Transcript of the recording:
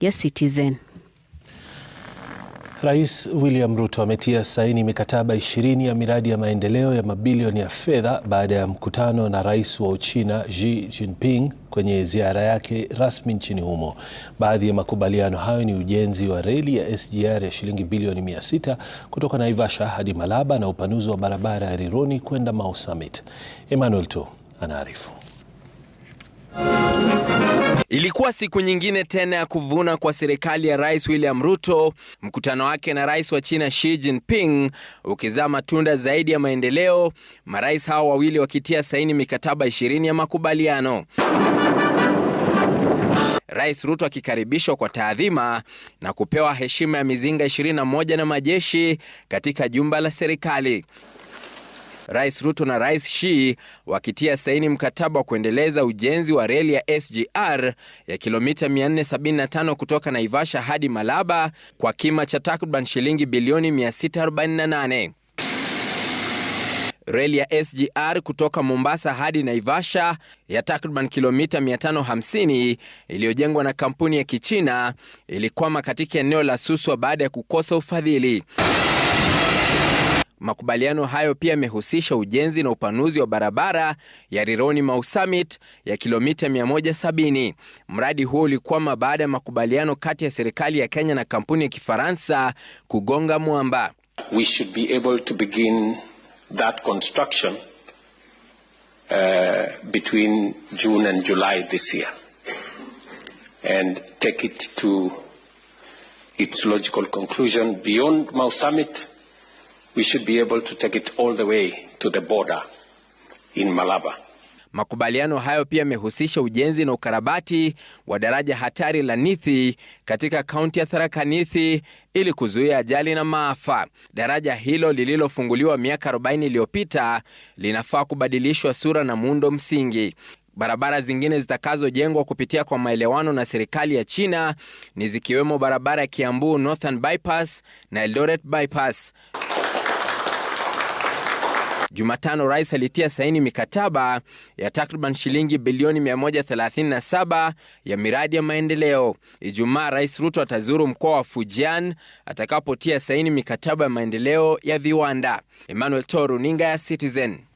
ya Citizen. Rais William Ruto ametia saini mikataba ishirini ya miradi ya maendeleo ya mabilioni ya fedha baada ya mkutano na rais wa Uchina Xi Jinping kwenye ziara yake rasmi nchini humo. Baadhi ya makubaliano hayo ni ujenzi wa reli ya SGR ya shilingi bilioni 6 kutoka Naivasha hadi Malaba na upanuzi wa barabara ya Rironi kwenda Mau Summit. Emmanuel To anaarifu. Ilikuwa siku nyingine tena ya kuvuna kwa serikali ya Rais William Ruto, mkutano wake na rais wa China Xi Jinping ukizaa matunda zaidi ya maendeleo, marais hao wawili wakitia saini mikataba 20 ya makubaliano. Rais Ruto akikaribishwa kwa taadhima na kupewa heshima ya mizinga 21 na majeshi katika jumba la serikali. Rais Ruto na Rais Xi wakitia saini mkataba wa kuendeleza ujenzi wa reli ya SGR ya kilomita 475 kutoka Naivasha hadi Malaba kwa kima cha takriban shilingi bilioni 648. Reli ya SGR kutoka Mombasa hadi Naivasha ya takriban kilomita 550 iliyojengwa na kampuni ya Kichina ilikwama katika eneo la Suswa baada ya kukosa ufadhili. Makubaliano hayo pia yamehusisha ujenzi na upanuzi wa barabara ya Rironi Mau Summit ya kilomita 170. Mradi huo ulikwama baada ya makubaliano kati ya serikali ya Kenya na kampuni ya Kifaransa kugonga mwamba. We should be able to begin that construction uh, between June and July this year and take it to its logical conclusion beyond Mau Summit we should be able to take it all the way to the border in Malaba. Makubaliano hayo pia yamehusisha ujenzi na ukarabati wa daraja hatari la Nithi katika kaunti ya Tharaka Nithi ili kuzuia ajali na maafa. Daraja hilo lililofunguliwa miaka 40 iliyopita linafaa kubadilishwa sura na muundo msingi. Barabara zingine zitakazojengwa kupitia kwa maelewano na serikali ya China ni zikiwemo barabara ya Kiambu Northern Bypass na Eldoret Bypass. Jumatano rais alitia saini mikataba ya takriban shilingi bilioni 137 ya miradi ya maendeleo. Ijumaa rais Ruto atazuru mkoa wa Fujian atakapotia saini mikataba ya maendeleo ya viwanda. Emmanuel runinga ya Citizen.